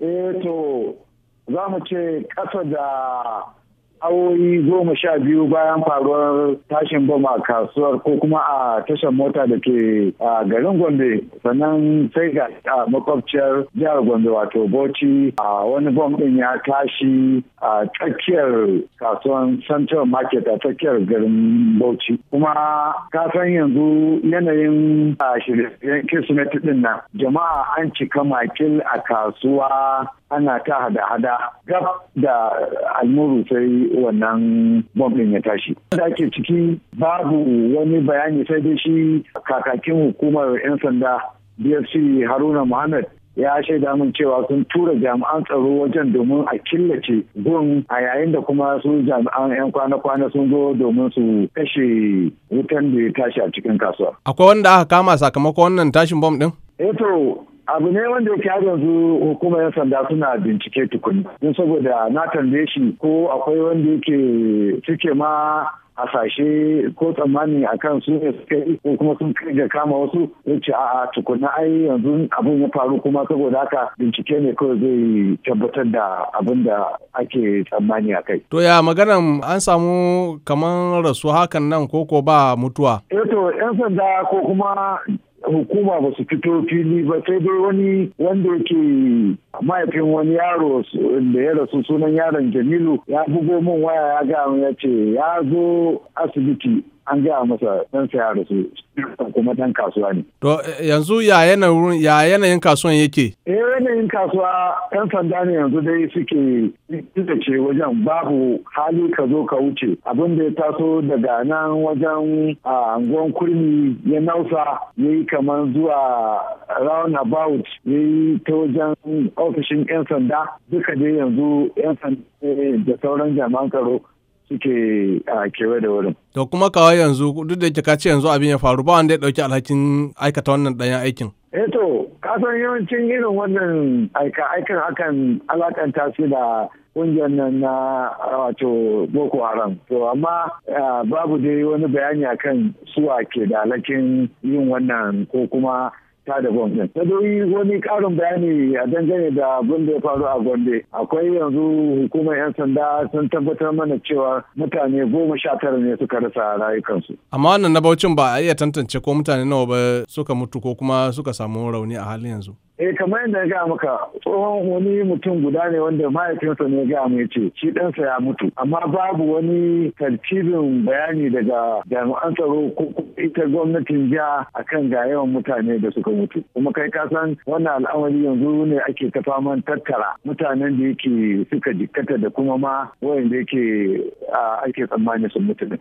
eh to za mu ce ƙasa da awoyi goma sha biyu bayan faruwar tashin bom a kasuwar ko kuma a tashar mota da ke a garin gombe sannan sai ga a makwabciyar jihar gombe wato bauchi a wani bom din ya tashi a tsakiyar kasuwar central market a tsakiyar garin bauchi kuma ka san yanzu yanayin shirye-shiryen kirsimeti din nan jama'a an cika makil a kasuwa ana ta hada-hada gab da almuru sai wannan bombin ya tashi. Da ke ciki babu wani bayani sai dai shi kakakin hukumar 'yan sanda DFC Haruna Muhammad ya shaida min cewa sun tura jami'an tsaro wajen domin a killace gun a yayin da kuma su jami'an 'yan kwana-kwana sun zo domin su kashe wutan da ya tashi a cikin kasuwa. Akwai wanda aka kama sakamakon wannan tashin bom ɗin? Eto eh abu ne wanda yake har yanzu hukumar yan sanda suna bincike tukuni don saboda na tambaye shi ko akwai wanda yake suke ma hasashe ko tsammani a kan su ne suka yi ko kuma sun kai kama wasu ya a a tukuna ai yanzu abin ya faru kuma saboda haka bincike ne kawai zai tabbatar da abin da ake tsammani a kai. To ya maganan an samu kamar rasu hakan nan ko ba mutuwa? Eto, eh to 'yan sanda ko kuma hukuma ba su fito fili ba sai dai wani wanda yake mahaifin wani yaro da ya rasu sunan yaron jamilu ya bugo min waya ya ga min ya ce ya zo asibiti an gaya masa ɗansa ya rasu kuma dan kasuwa ne. To yanzu ya yanayin kasuwan yake? Eh, yanayin kasuwa ɗan sanda ne yanzu dai suke ce wajen babu hali ka zo ka wuce abin da ya taso daga nan wajen a angon kurmi ya nausa ya yi kamar zuwa roundabout ya yi ta wajen ofishin 'yan sanda duka dai yanzu 'yan sanda da sauran jama'an tsaro suke a kewaye da wurin. To kuma kawai yanzu duk da ka ce yanzu abin ya faru ba wanda ya ɗauki alhakin aikata wannan ɗanyen aikin. Eh to kasan yawancin irin wannan aika aikin akan alakanta su da kungiyar nan na wato boko haram to amma babu dai wani bayani akan suwa ke da alhakin yin wannan ko kuma ta da bom din. Ta wani karin bayani a dangane da abin da ya faru a Gombe. Akwai yanzu hukumar 'yan sanda sun tabbatar mana cewa mutane goma sha tara ne suka rasa rayukansu. Amma wannan na baucin ba a iya tantance ko mutane nawa ba suka mutu ko kuma suka samu rauni a halin yanzu. eh kamar yadda ya gaya maka tsohon wani mutum guda ne wanda mahaifinsa ne ga mai ce shi ɗansa ya mutu amma babu wani tartibin bayani daga jami'an tsaro ko ita gwamnatin jiya akan ga yawan mutane da suka mutu kuma kai ka san wannan al'amari yanzu ne ake ta faman tattara mutanen da yake suka jikkata da kuma ma wayanda yake ake tsammani sun mutu ne.